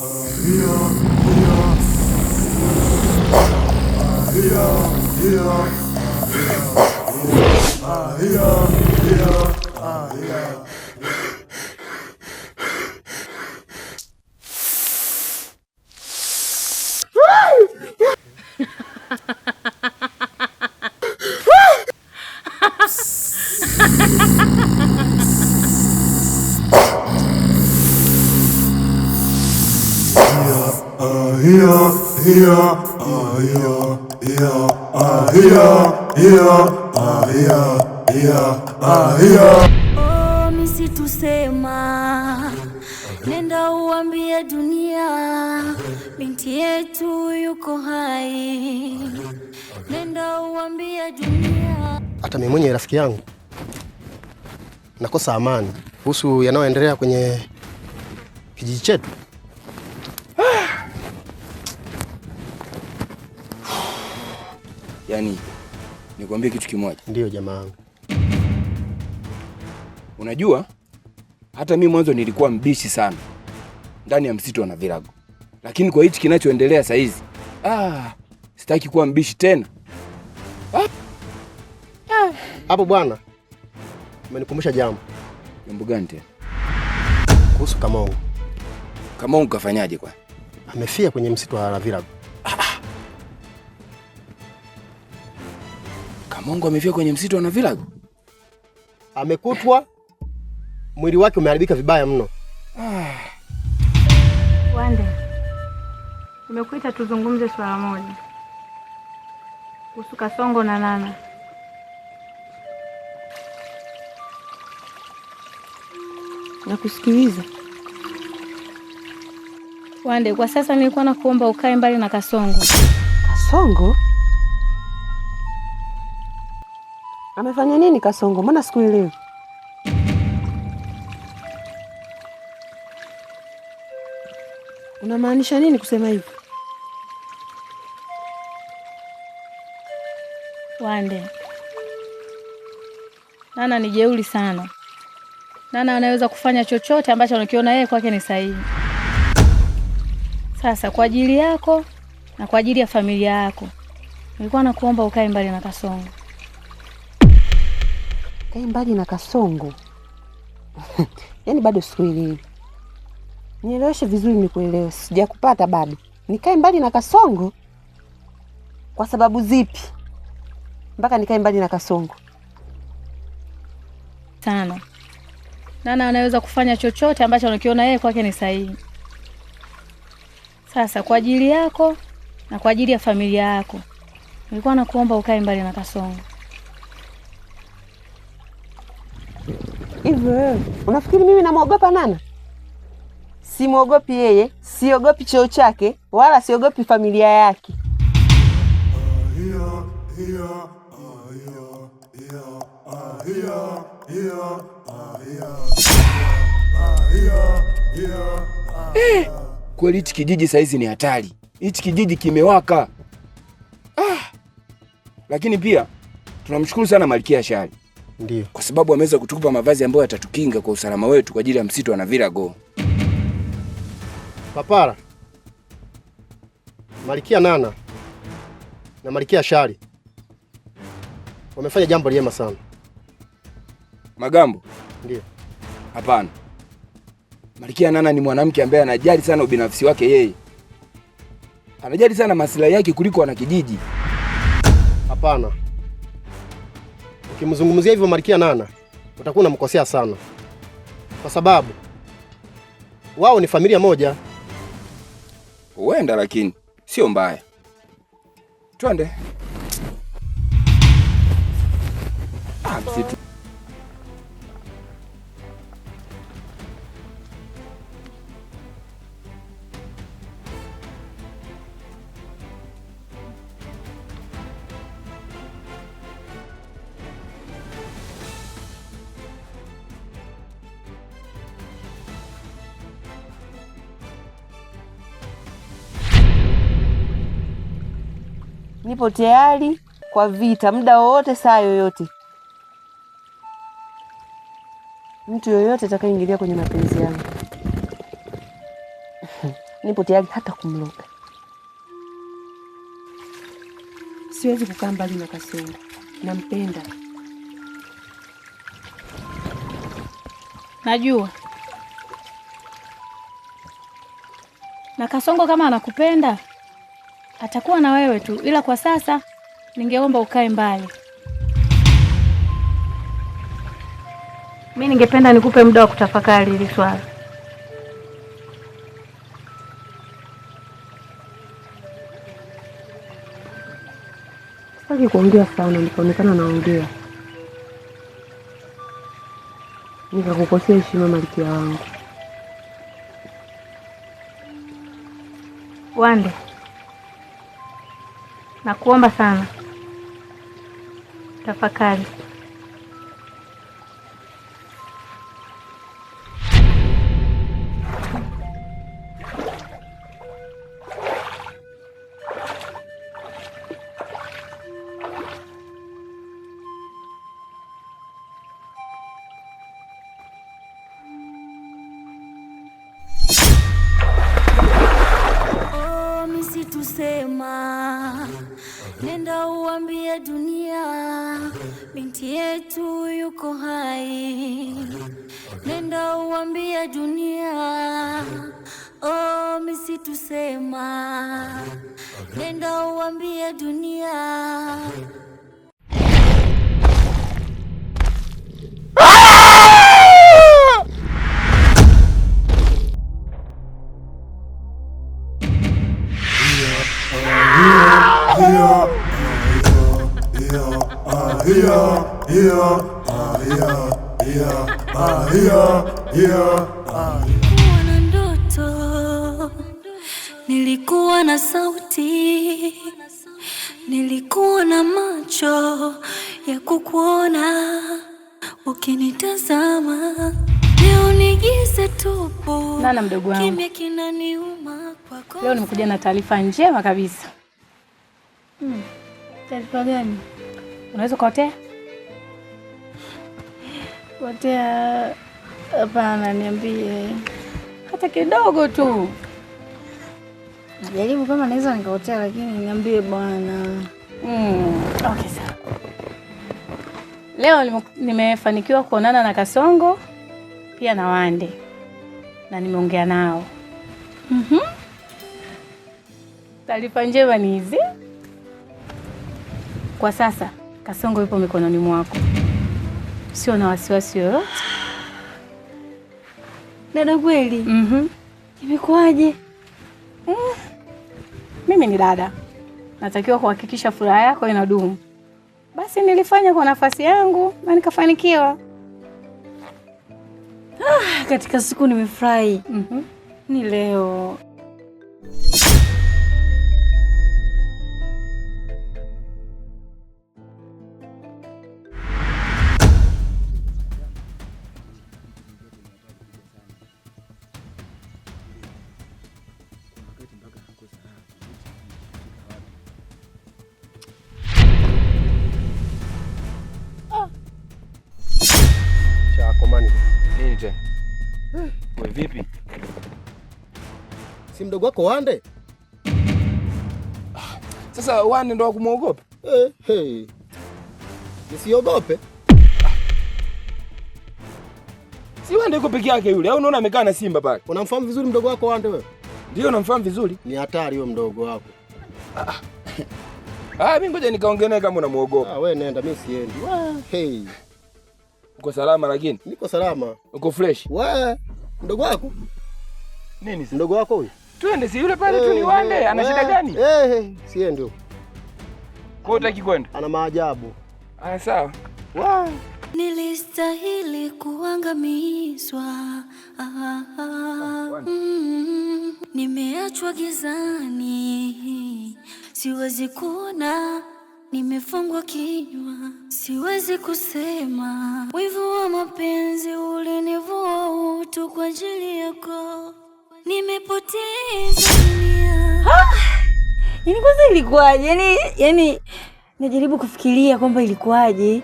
Yeah. Oh, misitusema, nenda uambie dunia binti yetu yuko hai, nenda uambie dunia. Hata mimi mwenye rafiki yangu nakosa amani kuhusu yanayoendelea kwenye kijiji chetu. msanii, nikwambie kitu kimoja. Ndio jamaa wangu. Unajua hata mi mwanzo nilikuwa mbishi sana ndani ya msitu na virago, lakini kwa hichi kinachoendelea saa hizi, ah, sitaki kuwa mbishi tena. Ah. Hapo bwana, umenikumbusha jambo. Jambo gani tena? Kuhusu Kamongo. Kamongo kafanyaje? Kwa amefia kwenye msitu wa Ravirago. Mungu amefia kwenye msitu wa vilago. Amekutwa mwili wake umeharibika vibaya mno. Ah. Wande. Nimekuita tuzungumze swala moja. Kuhusu Kasongo na Nana. Nakusikiliza. Wande, kwa sasa nilikuwa nakuomba ukae mbali na Kasongo. Kasongo? Amefanya nini Kasongo? Mbona sikuelewi? Unamaanisha nini kusema hivyo? Wande, Nana ni jeuri sana. Nana anaweza kufanya chochote ambacho anakiona yeye kwake ni sahihi. Sasa kwa ajili yako na kwa ajili ya familia yako, nilikuwa nakuomba ukae mbali na Kasongo kae yaani mbali na Kasongo. Yaani bado sikuelewi, nieleweshe vizuri nikuelewe. Sijakupata bado. Nikae mbali na Kasongo kwa sababu zipi mpaka nikae mbali na Kasongo? Sana Nana anaweza kufanya chochote ambacho anakiona yeye kwake ni sahihi. Sasa kwa ajili yako na kwa ajili ya familia yako, nilikuwa nakuomba ukae mbali na Kasongo. hivyo wewe unafikiri mimi namwogopa Nana? Simwogopi yeye, siogopi cheo chake, wala siogopi familia yake. Eh, kweli hichi kijiji saizi ni hatari. Hichi kijiji kimewaka. Ah, lakini pia tunamshukuru sana Malkia Shari Ndiyo. Kwa sababu ameweza kutukupa mavazi ambayo yatatukinga kwa usalama wetu kwa ajili ya msitu na virago. Papara, Malikia Nana na Malikia Shari wamefanya jambo jema sana. Magambo? Ndiyo. Hapana, Malikia Nana ni mwanamke ambaye anajali sana ubinafsi wake yeye, anajali sana maslahi yake kuliko wanakijiji. Hapana ukimzungumzia hivyo Malkia Nana utakuwa unamkosea sana, kwa sababu wao ni familia moja. Huenda, lakini sio mbaya. Twende. Ah, msitu nipo tayari kwa vita muda wowote, saa yoyote. Mtu yoyote atakayeingilia kwenye mapenzi yangu nipo tayari hata kumloga. Siwezi kukaa mbali na Kasongo, nampenda. Najua na Kasongo kama anakupenda atakuwa na wewe tu, ila kwa sasa ningeomba ukae mbali. Mi ningependa nikupe muda wa kutafakari hili swala. Sitaki kuongea sana, nikaonekana naongea nikakukosea heshima, malikia wangu Wande. Nakuomba sana, tafakari. Oh, sema Nenda uambie dunia binti yetu yuko hai. Nenda uambie dunia oh, misitusema. Nenda uambie dunia Nilikuwa na ndoto, nilikuwa na sauti, nilikuwa na macho ya kukuona ukinitazama. Leo ni giza tupu, nana mdogo wangu, kimya kinaniuma. Leo nimekuja na taarifa njema kabisa. Hmm, taarifa gani? Unaweza ukaotea? Otea? Hapana, niambie hata kidogo tu. jaribu kama naweza nikaotea, lakini niambie bwana. Mm, okay sawa. Leo nimefanikiwa kuonana na Kasongo pia na Wande na nimeongea nao. mm -hmm. Taarifa njema ni hizi kwa sasa Kasongo yupo mikononi mwako, sio na wasiwasi yoyote. Dada kweli? Mhm. Imekuwaje? Mm. Mimi ni dada, natakiwa kuhakikisha furaha yako inadumu. Basi nilifanya kwa nafasi yangu na nikafanikiwa. Ah, katika siku nimefurahi. Mhm. Ni leo mdogo wako Wande. Sasa Wande ndo akumuogopa? Eh, hey. Nisiogope. Si Wande yuko peke yake yule au unaona amekaa na Simba pale? Unamfahamu vizuri mdogo wako Wande wewe? Ndio namfahamu vizuri. Ni hatari huyo mdogo wako. Ah. Ah, mimi ngoja nikaongea naye kama unamuogopa. Ah, wewe nenda, mimi siendi. Hey. Uko salama lakini? Niko salama. Uko fresh? Wewe mdogo wako? Nini sasa? Mdogo wako huyo? Twende, si yule pale tu eh, ni wande, eh, ana shida eh, gani? Eh, siende huko. Kwa utaki kwenda? Ana maajabu. Ah, sawa. Wow. Nilistahili kuangamizwa. Ah, ah, ah. Mm, nimeachwa gizani, siwezi kuona, nimefungwa kinywa, siwezi kusema. Yani kwanza ilikuwaje? Yani, yani najaribu kufikiria kwamba ilikuwaje.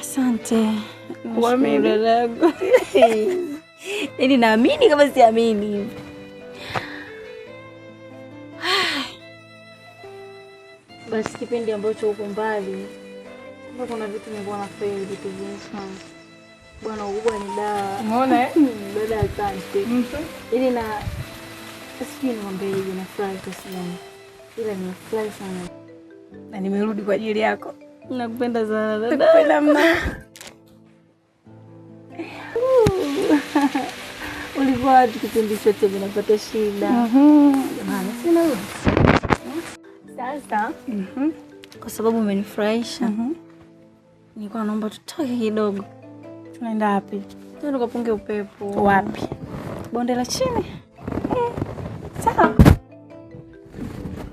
Asante. dadangu. Yani naamini kama siamini. Basi kipindi ambacho uko mbali kuna vitu nilikuwa fail vitu vingi sana bwana. Ukubwa ni dawa. Umeona eh? Dada, asante. Ili mm-hmm. yaani na Sijui niwambeeje, nafurahi kasiani, ila nimefurahi sana na nimerudi kwa ajili yako. Nakupenda sana dada. Nakupenda mama. Ulikuwa wapi kipindi chote vinapata shida? Mhm. Jamani, sina Sasa mhm. kwa sababu umenifurahisha, mhm. nilikuwa naomba tutoke kidogo. Tunaenda wapi? Tukapunge upepo. Wapi? Bonde la chini.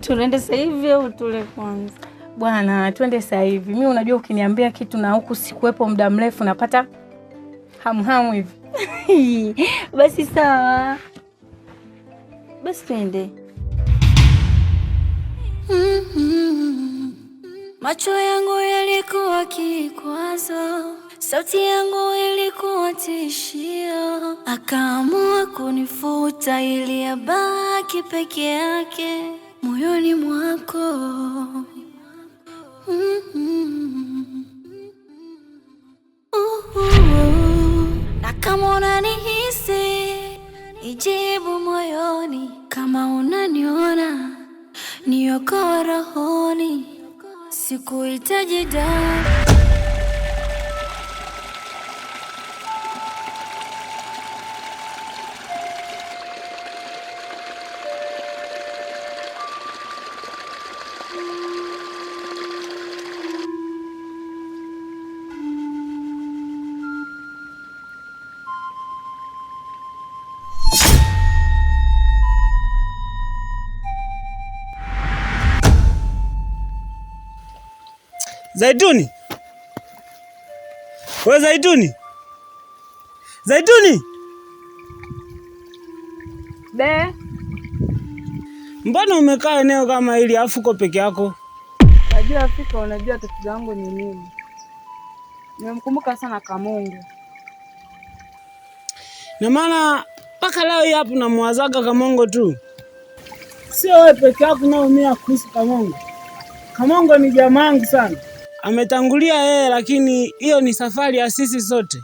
Tunaende sasa hivi au tule kwanza? Bwana, twende sasa hivi. Mimi unajua, ukiniambia kitu na huku sikuwepo muda mrefu napata hamhamu hivi. Basi sawa, basi twende. Macho yangu yalikuwa kikwazo, sauti yangu ilikuwa tishio, akaamua kunifuta ili abaki peke yake moyoni mwako mm Na kama unanihisi nijibu moyoni, kama unaniona niokoe rohoni, sikuhitaji dawa Zaituni, we Zaituni, Zaituni be, mbona umekaa eneo kama hili afu uko peke yako? Najua Afrika, unajua tatizo langu ni nini? Nimemkumbuka sana Kamungu, na maana mpaka leo hii hapo namwazaga Kamongo tu. Sio wewe peke yako unaumia kuhusu Kamongo. Kamongo ni jamangu sana ametangulia yeye, lakini hiyo ni safari ya sisi sote.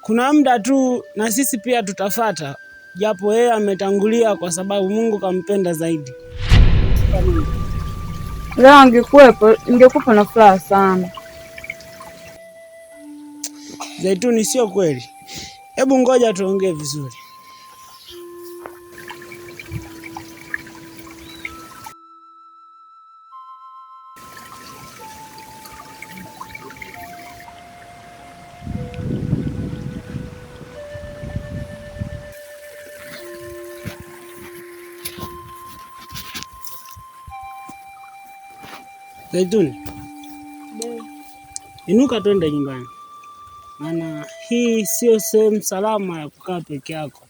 Kuna muda tu na sisi pia tutafata, japo yeye ametangulia kwa sababu Mungu kampenda zaidi. Leo angekuwepo, ingekupa na furaha sana. Zaituni, sio kweli? Hebu ngoja tuongee vizuri. Zaituni, inuka twende nyumbani, maana hii sio sehemu salama ya kukaa peke yako.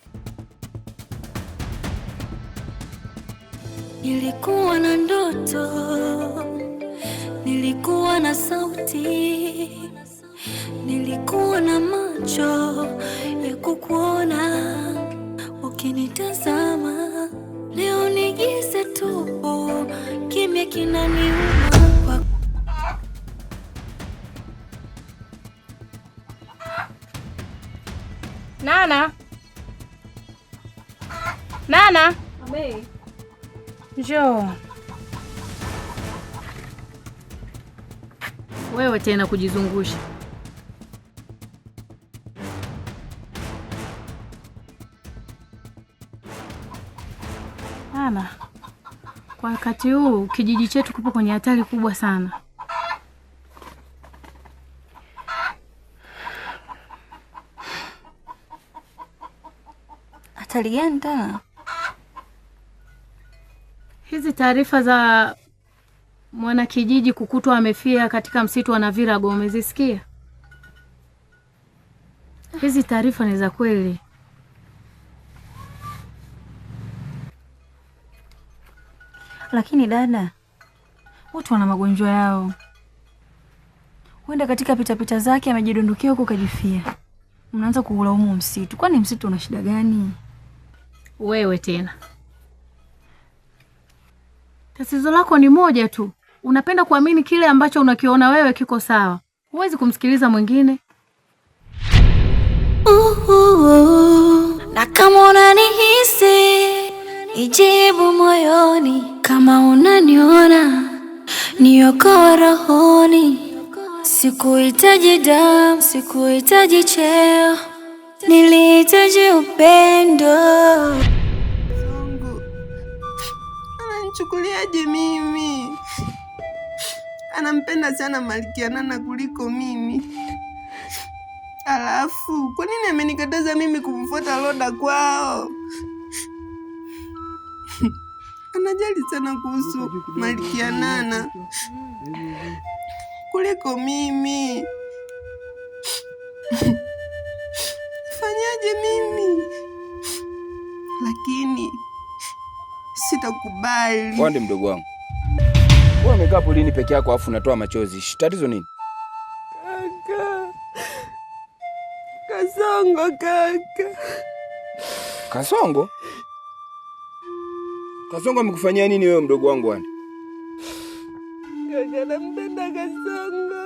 Nilikuwa na ndoto, nilikuwa na sauti, nilikuwa na macho ya kukuona ukinitazama. Leo ni giza tupu, kimya kinaniuma. Nana, Nana, njoo wewe tena kujizungusha. Nana, kwa wakati huu kijiji chetu kipo kwenye hatari kubwa sana. hatalieni tena. Hizi taarifa za mwanakijiji kukutwa amefia katika msitu wa Navirago umezisikia? Hizi taarifa ni za kweli. Lakini dada, watu wana magonjwa yao, huenda katika pitapita zake amejidundukia huko kajifia. Mnaanza kuulaumu msitu. Kwani msitu una shida gani? Wewe tena tatizo lako ni moja tu, unapenda kuamini kile ambacho unakiona wewe kiko sawa, huwezi kumsikiliza mwingine. na kama unanihisi ijibu moyoni, kama unaniona niokoe rohoni. Sikuhitaji damu, sikuhitaji cheo Nilihitaji upendo. Mungu ananichukuliaje mimi? Anampenda sana Malkia Nana kuliko mimi, alafu kwa nini amenikataza mimi kumfuata Roda kwao? Anajali sana kuhusu Malkia Nana kuliko mimi. nakubali. Wande mdogo wangu, wewe umekaa polini peke yako afu unatoa machozi, tatizo nini? Kaka Kasongo, kaka Kasongo, Kasongo amekufanyia nini wewe mdogo wangu? Wande kaka, nampenda Kasongo,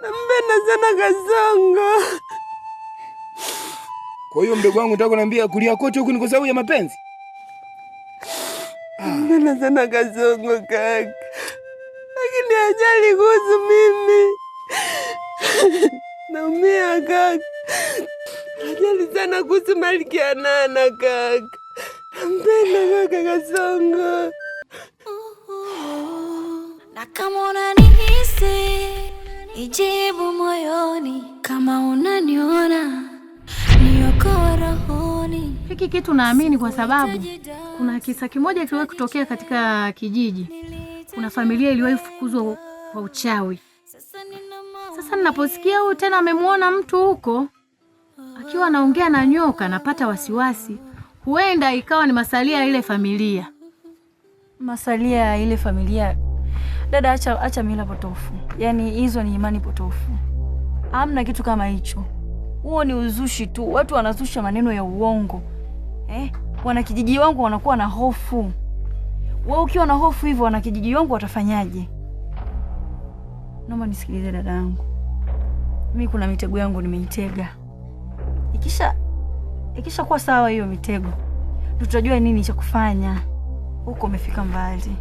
nampenda sana Kasongo. Kwa hiyo mdogo wangu, nataka kuniambia kulia kote huku ni kwa sababu ya mapenzi? sana sana kasongo kaka, lakini ajali kuhusu mimi naumia kaka, ajali sana kuhusu Nana kaka, nampenda kaka kasongo na kama unanihisi ijibu moyoni, kama unaniona niokoa roho hiki kitu naamini kwa sababu kuna kisa kimoja kiliwahi kutokea katika kijiji. Kuna familia iliwahi fukuzwa kwa uchawi. Sasa ninaposikia huyu tena amemwona mtu huko akiwa anaongea na nyoka, napata wasiwasi, huenda ikawa ni masalia ya ile familia. Masalia ya ile familia? Dada, acha acha mila potofu, yaani hizo ni imani potofu. Hamna kitu kama hicho, huo ni uzushi tu, watu wanazusha maneno ya uongo eh, wanakijiji wangu wanakuwa na hofu. Wewe ukiwa na hofu hivyo, wanakijiji wangu watafanyaje? Naomba nisikilize dada yangu, mimi kuna mitego yangu nimeitega. Ikisha ikisha kuwa sawa hiyo mitego, tutajua nini cha kufanya. Huko umefika mbali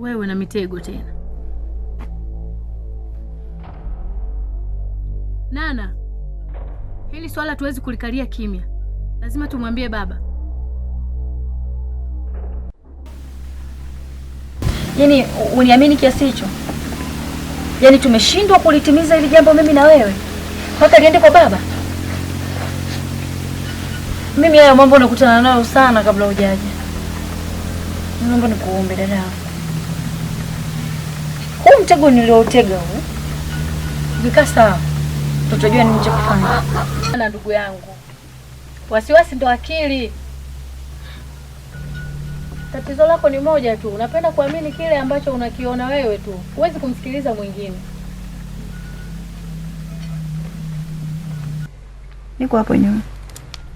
wewe na mitego tena. Nana, hili swala tuwezi kulikalia kimya. Lazima tumwambie baba. Yaani uniamini kiasi hicho? Yaani tumeshindwa kulitimiza hili jambo mimi na wewe mpaka liende kwa baba? Mimi hayo mambo nakutana nayo sana kabla hujaja. Naomba nikuombe dada yangu, huu mtego nilioutega huu ukikaa sawa, tutajua nini cha kufanya na ndugu yangu Wasiwasi ndo akili. Tatizo lako ni moja tu, unapenda kuamini kile ambacho unakiona wewe tu, huwezi kumsikiliza mwingine. Niko hapo nyuma,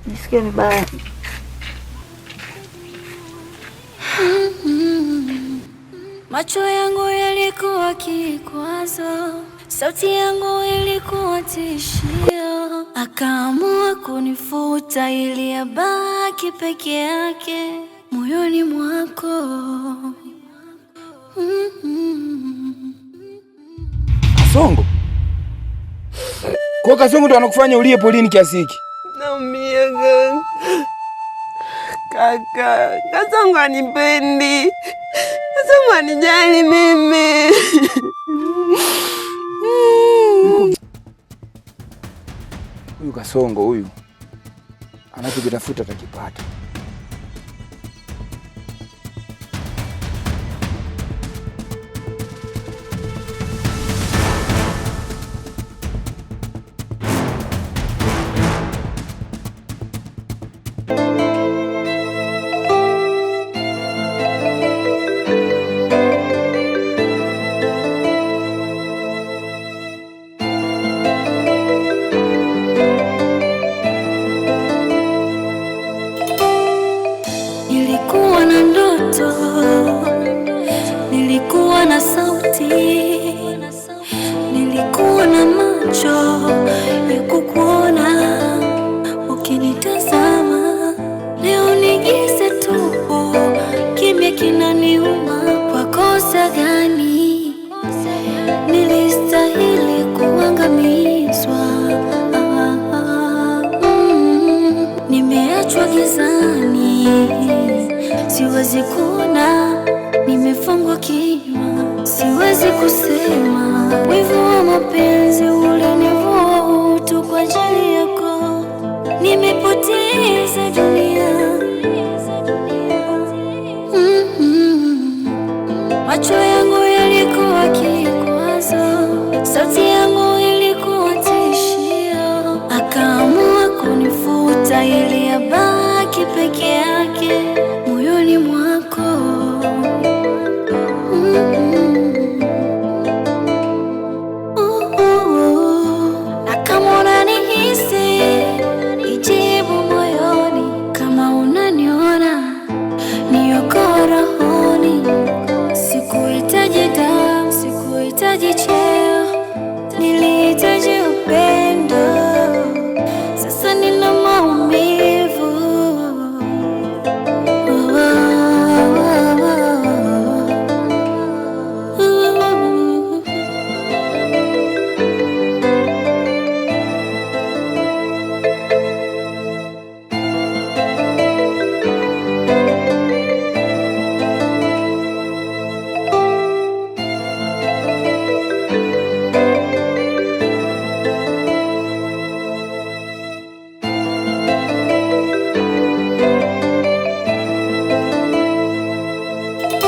nisikie vibaya. Macho yangu yalikuwa kikwazo, sauti yangu ilikuwa tishia. Akaamua kunifuta ili abaki peke yake moyoni mwako Kasongo kwa Kasongo ndo anakufanya ulie polini kiasi hiki? Naumia kaka, Kasongo anipendi, Kasongo anijali mimi Songo huyu anachokitafuta atakipata. Nilikuwa na ndoto, nilikuwa na sauti, nilikuwa na macho ya kukuona ukinitazama. Leo ni giza kimya kinaniuma. Kwa kosa gani nilistahili kuangamizwa? Ah, ah, mm, nimeachwa gizani siwezi kuona, nimefungwa kinywa, siwezi kusema. Wivu wa mapenzi ulinivua utu kwa ajili yako, nimepoteza dunia mm-hmm. Macho yangu yalikuwa kikwazo, sauti yangu ilikuwa tishio, akaamua kunifuta ili abaki peke yake.